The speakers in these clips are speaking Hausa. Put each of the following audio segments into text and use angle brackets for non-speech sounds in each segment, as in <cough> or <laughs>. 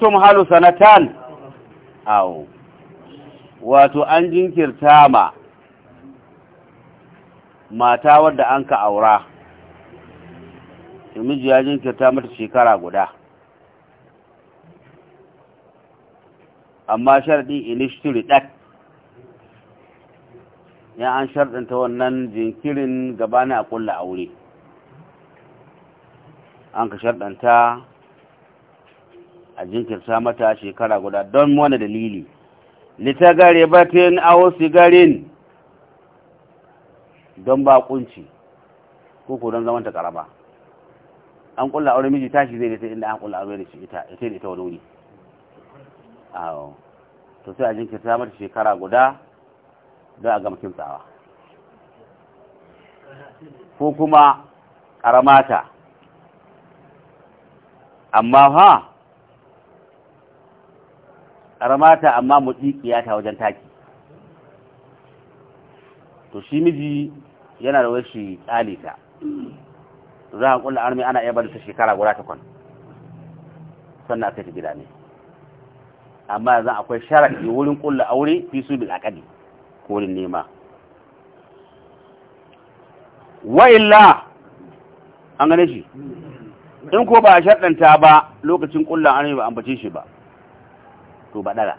tumhalu sanatan aw wato an jinkirta ma mata wadda an ka aura miji ya jinkirta mata shekara guda amma sharɗi inishtiri ɗat ya an sharɗinta wannan jinkirin gabanin a ƙulla aure an ka sharɗanta a jinkirta mata shekara guda don wani dalili gare batin awo sigarin don bakunci ko ko don zamanta karaba an kulla aure miji tashi zai da inda an kulla aure da shi ita ita ita wani wuri awo to sai a jinkirta mata shekara guda don a gamakin tsawa ko kuma karamata amma ha ƙaramata amma mutsiƙiya ta wajen taki to shi miji yana da wasu ƙyale to za a ƙulla armi ana iya bada ta shekara guda takwan sannan aka ta gida ne amma yanzu akwai sharaɗi wurin ƙulla aure fi su bil aƙadi ko wurin nema illa an gane shi in ko ba a sharɗanta ba lokacin ƙulla armi ba bace shi ba to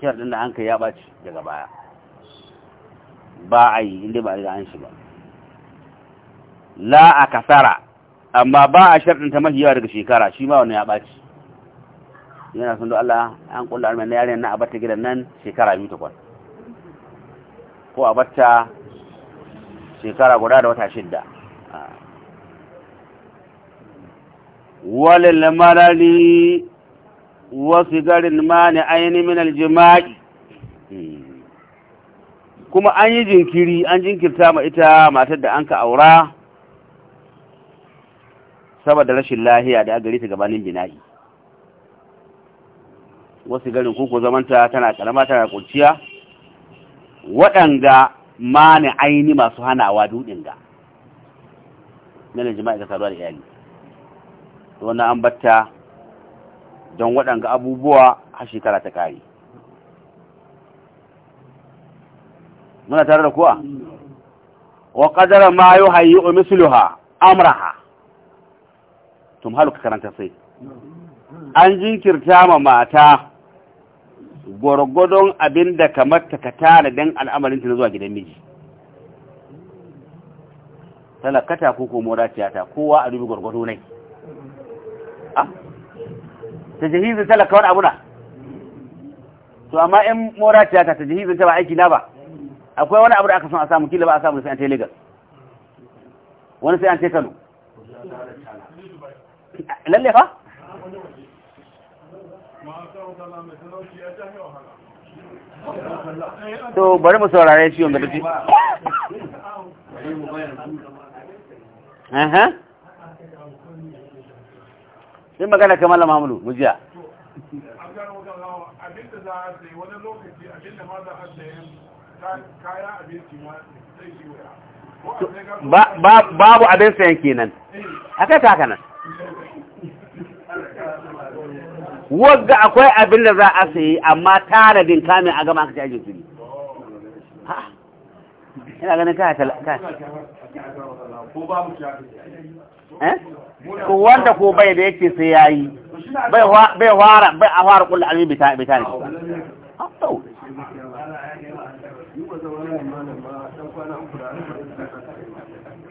shiyar ɗin da an kai ya ɓaci daga baya ba a yi inda ba riga an shi ba la a kasara amma ba a ɗin ta mafi yawa daga shekara shi ma wani ya ɓaci yana sun Allah an kulla armen na yare na abarta gidan nan shekara biyu takwas ko abarta shekara guda da wata shidda ah. walil marari wasu garin mani aini min aljima'i hmm. kuma an yi jinkiri an jinkirta ma ita matar da an ka aura saboda rashin lahiya da agarita gabanin bina'i wasu garin kuku zamanta tana karama tana kurciya waɗanda mani aini masu hanawa dudin ga nan jima'i ga saduwa da iyali wannan an batta don waɗanga abubuwa har shekara ta kari. muna tare da kuwa wa ƙadara ma yuhayyu misluha amraha tum ka karanta sai an jinkirta ma mata gwargwadon abin da kamar ta ka don al'amarin ta zuwa gidan miji talakata ko ko moratiya tiyata kowa a dubi gwargwado nai ah, ta jihizin talaka wani abuna to amma in mora ta ta jihizin ta ba aiki na ba akwai wani abu da aka son a samu kila ba a samu sai an tele gas wani sai an ce kano lalle fa to bari mu saurare shi wanda duk eh eh sai magana kamar mallam Hamlu mujiya babu abin sayan kenan akai ta nan. Wadda akwai abin da za a sayi amma din kamin a gama aka ci ajin su ne ina ganin ka ka eh? ko wanda ko bai da yake sai yayi bai bai fara bai a fara kullu alimi bita bita ne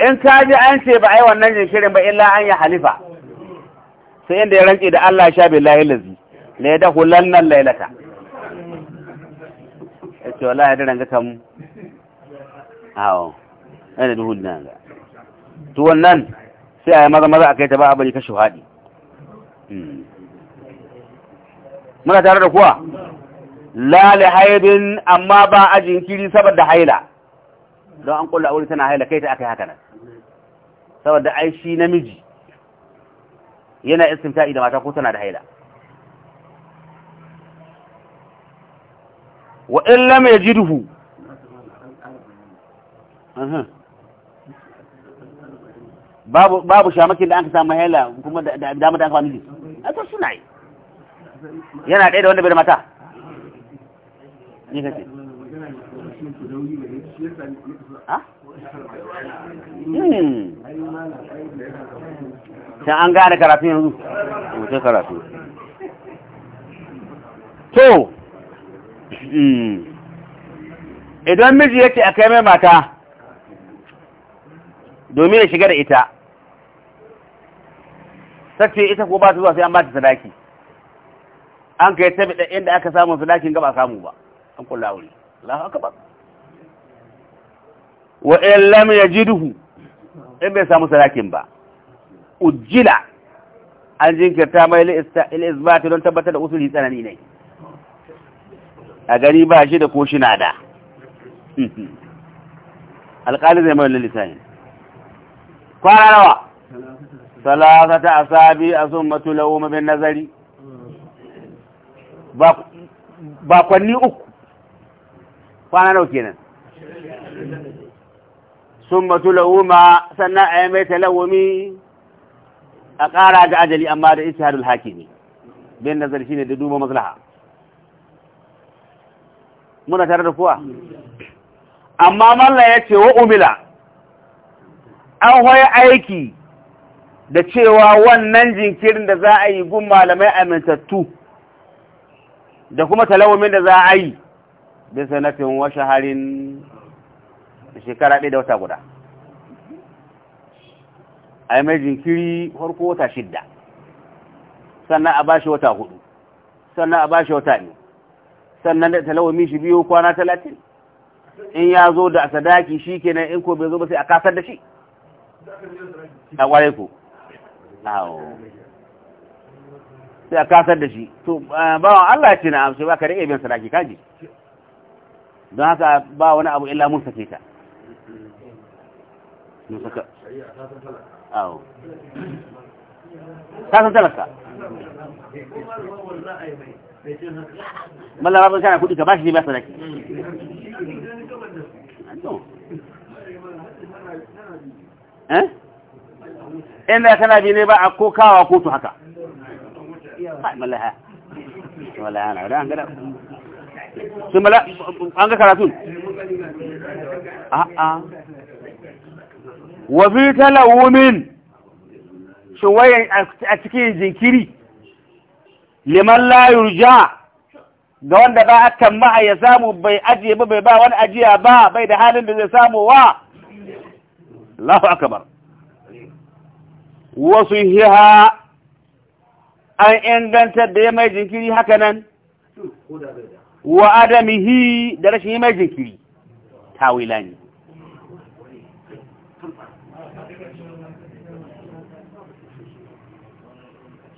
in ka ji an ce ba ai wannan jinkirin ba illa an yi halifa sai inda ya rantsi da Allah sha billahi lazi la yadahu lannan lailata wa wallahi da ranga kam awo yana duhu na ga tuwon nan sai a yi maza maza a kai ta ba a bari kashe haɗi hmm. muna tare da kuwa lalai haibin amma ba a jinkiri saboda haila don an kulla wuri tana haila kai ta aka yi haka nan saboda ai shi namiji yana istimta'i da mata ko tana da haila wa'in in lam babu shamakin da an samu hela kuma da dama da an family a san suna yi yana ɗaya da wanda bai da mata ni kace ah? hmm. ta an gane karafin yanzu wuce karafi to hmm. idan miji yake a kai mai mata domin ya shiga da ita sace ita ko ba ta zuwa sai an ba ta sadaki an kai ta da inda aka samu sadakin gaba samu ba an kula wuri Allahu akbar wa in lam yajidhu in bai samu sadakin ba ujila an jinkirta mai il don tabbatar da usuli tsanani ne a gani ba shi da ko shi na da <laughs> alƙali zai mai lissani kwana nawa salasata asabi a sun matulau mabin nazari bakwanni uku kwana nawa kenan sun matulau ma sannan a yi mai talawomi a ƙara ga ajali amma da isi hadul ne bin nazari shi ne da duba maslaha muna tare da kuwa amma malla ya ce wa umila an hoya aiki da cewa wannan jinkirin da za a yi gun malamai amintattu da kuma talawomin da za a yi bin sanafin washe harin shekara ɗaya da wata guda a yi mai jinkiri harko wata shidda sannan a bashi wata hudu sannan a bashi wata ne sannan da talawumi shi biyu kwana talatin in ya zo da sadaki shi kenan in ko bai zo ba sai a kasar da shi a ware ku awo sai a kasar da shi to wa Allah ce na amsa ba ka rike bin sadaki kaji don haka ba wani abu illa mun sake ta mun saka awo kasan talaka mallar rabin kana kudi ka ba shi ne ba sadaki hmm. Eh? inda kana bi ne ba a kokawa kotu haka an ga karatun a'a wafi shi wayan a cikin jinkiri liman layur ja ga wanda ba a kan ma'a ya samu bai ajiye ba bai ba wani ajiya ba bai da halin da zai samu wa Allahu akbar wasu hiha an ingantar da ya mai jinkiri haka nan da rashin yi mai jinkiri tawila ne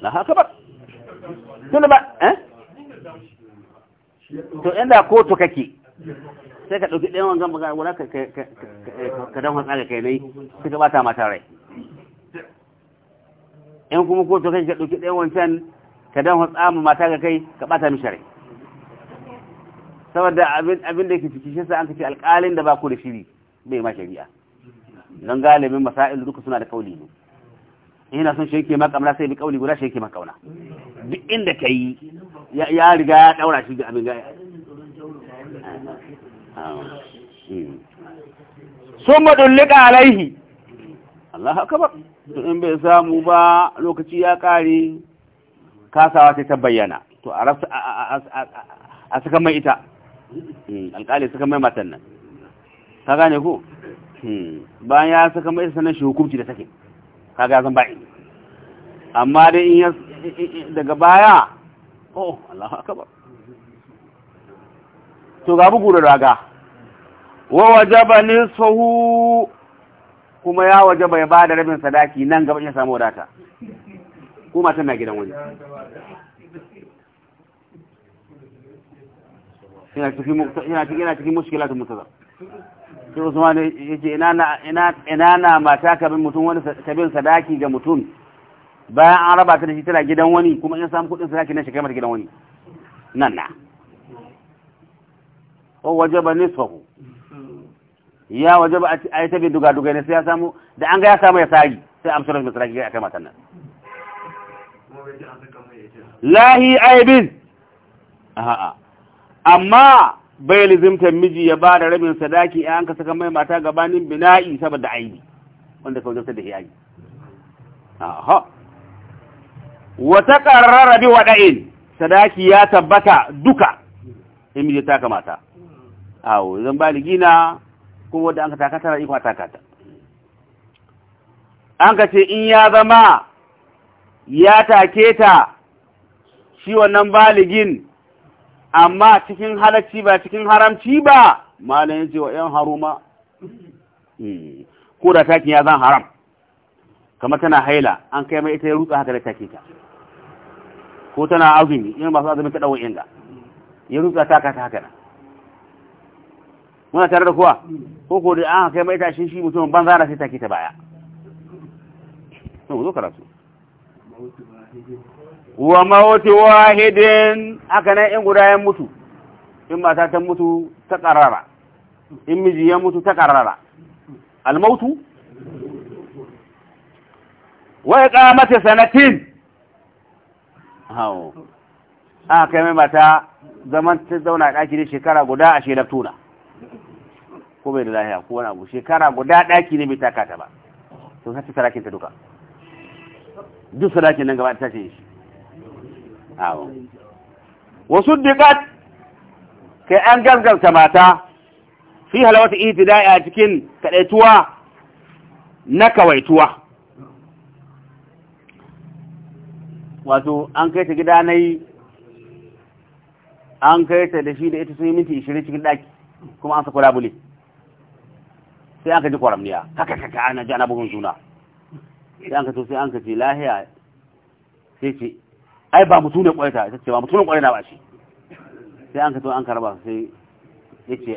na tun ba eh to inda kotu kake sai ka ɗauki ɗayan wangan magana guda ka dan hatsa ga kai nai ka bata mata rai in kuma ko to kai ka ɗauki ɗayan wancan ka dan hatsa ma mata ga kai ka bata mishi rai saboda abin da ke ciki shi sai an kace alƙalin da ba ku da shiri bai ma shari'a don galibin masail duka suna da kauli ne ina son shi ma kamar sai bi kauli guda shi yake ma kauna duk inda kai ya riga ya daura shi abin ga Hmm. sun maɗulluka alaihi Allah haka ba in bai samu ba lokaci ya ƙare kasawa sai ta bayyana to a rasu a suka mai ita hmm. alƙali suka mai matan nan ka gane ko hmm. bayan ya suka mai sanar shi hukumci da take ka zan ba'i amma dai in daga baya oh Allah haka ba to ga bugu da raga wa wajaba nisfahu kuma ya wajaba ya bada rabin sadaki nan gaba ya samu wadata kuma tana gidan wani yana cikin muskilatun mutaza sai usman ina na ina na mata ka bin mutum wani kabin sadaki ga mutum bayan an raba ta da shi tana gidan wani kuma in samu kudin sadaki na shi mata gidan wani nan na o waje ba nisfahu ya waje ba a yi tabi duga duga ne sai ya samu da an ga ya samu ya sari sai da mai sarki a kai matan nan lahi aibin a'a amma bai lizimtar miji ya ba da rabin sadaki an ka saka mai mata gabanin bina'i saboda aibi wanda ka wajabta da ya yi wata karrara rabi waɗa'in sadaki ya tabbata duka in miji ta kamata awo zan baligi gina. ko wanda an ka takata iko a takata an ka ce in ya zama ya take ta shi wannan baligin amma cikin halacci ba cikin haramci ba ya ce wa ‘yan haruma hmm, ko da takin ya zan haram kamar tana haila an kai mai ita ya rutsa haka da take ta ko tana azumi ba masu azumi ta ɗauwa inda ya rutsa taka ta haka nan muna tare da kuwa ko ko da an kai mai tashin shi mutum banza zara sai take ta baya to zo karatu wa mawti wahidin haka nan in guda ya mutu in mata ta mutu ta karara in miji ya mutu ta karara al mautu wa iqamati sanatin hawo aka kai mai mata zaman ta zauna a ɗaki shekara guda a shelar tuna ko bai da lahiya ko wani abu shekara guda daki ne bai taka ta ba to sai sarakin ta duka duk sarakin nan gaba ta ce shi awo wasu dikat kai an gangarta mata fi halawata ihtida'i a cikin kadaituwa na kawaituwa wato an kai ta gida na yi an kai ta da shi da ita sun yi minti 20 cikin daki kuma an sako labule sai an ka ji kwaramniya haka kaka ana ji ana bugun juna sai an ka to sai an ka ce lahiya sai ce ai ba mutu ne kwaita ita ce ba mutu ne kwaita ba shi sai an ka to an ka raba sai ya ce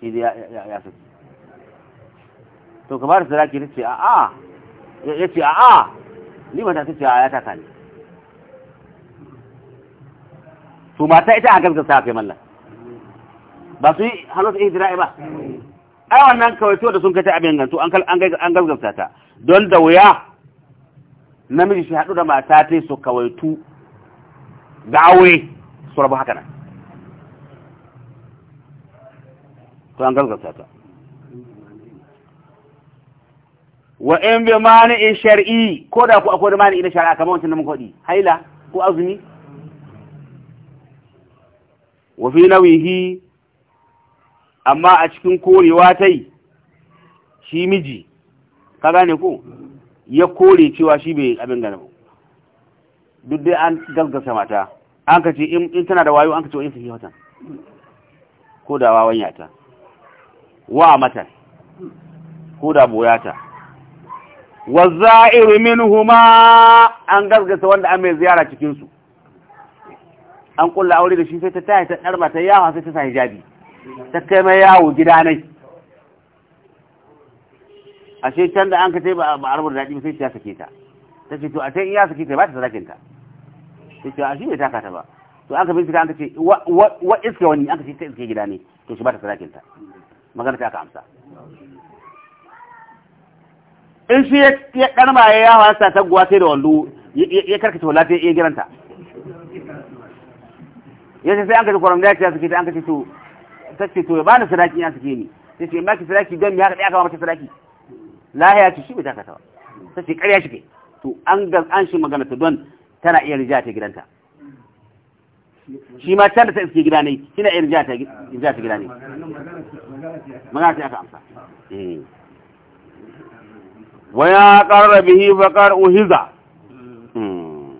shi da ya saki to kamar da saraki ta ce a'a ya ce a'a ni mata ta ce a ya taka ne to mata ita a gaskata kai mallan ba su yi yi zira'i ba ai wannan kawai to da sun kai ta abin gantu an an gaggamta ta don da wuya namiji shi haɗu da mata ta su kawaitu ga aure su rabu haka nan to an gaggamta ta wa in bi in shar'i ko da ku akwai mani ina shari'a kamar wancan namun muka faɗi haila ko azumi wa fi nawihi amma a cikin korewa ta yi shi miji ka gane ko ya kore cewa shi bai abin gane duk dai an gaggasa mata an ka ce in tana da wayo an ka ce wani sahi watan ko da wawan yata wa mata ko da boya ta wa za'iru minhuma an gaggasa wanda an mai ziyara cikinsu an kulla aure da shi sai ta taya ta ɗarma ta yawa sai ta sa hijabi ta kai mai yawo gida nai ashe can da an ka ba a arbar daɗi ba sai ta sake ta ta ce to a ta ya sake ta ba ta sarakin ta ta ce a shi bai taka ta ba to an ka bincika an ka ce wa iske wani an ka ce ta iske gida ne to shi ba ta sarakin ta magana ta aka amsa in shi ya ɗarma ya yawa sa ta guwa sai da wallo ya karkace wala ta ya giranta ya ce sai an ka ji kwaram da ya ce ya sake ta an ka ce to ta ce to ya bani sadaki ya sake ni ta ce maki sadaki don ya kaɗa ya kama mata sadaki lahiya ce shi bai taka ta ba ta ce ƙarya shi ke to an ga an shi magana ta don tana iya rija ta gidanta shi ma can da ta iske gida ne shi na iya rija ta gida ne magana ta aka amsa eh. wa ya ƙarar bihi bakar uhiza hmm.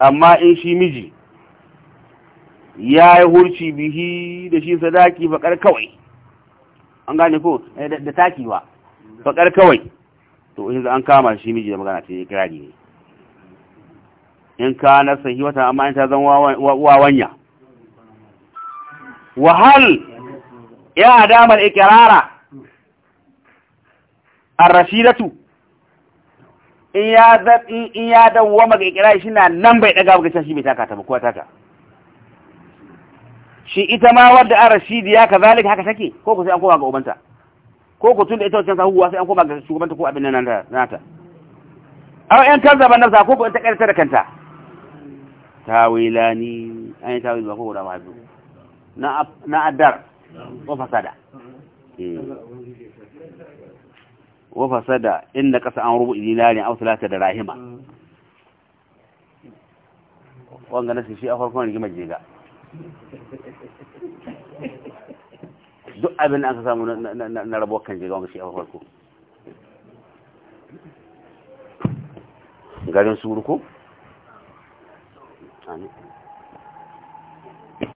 amma in shi miji ya yi hurci bihi da shi sadaki faƙar kawai an gane ko eh, da taki ba faƙar kawai to in an kama shi miji da magana ta yi kirari ne in ka na sahi wata amma in ta zan wawanya wahal ya damar ikirara a rashidatu in ya dawo maka ikirari shi na nan bai daga bugacin shi bai taka ta ba kuwa taka shi ita ma wadda a rashidiya ka zalika haka take ko ku sai an koma ga ubanta ko ku tun da ita wancan sahuwa sai an koma ga shugabanta ko abin nan nata aw yan ban nafsa ko ku ta karta da kanta tawilani ai tawil ba ko da ma na na adar wa fasada eh. wa fasada inda kasa an rubu dinari aw salata da rahima wanga nasi shi a farkon rigimar jiga. duk abin da aka samu na rabuwar kan jirgin wani shi a farko garin suru ko?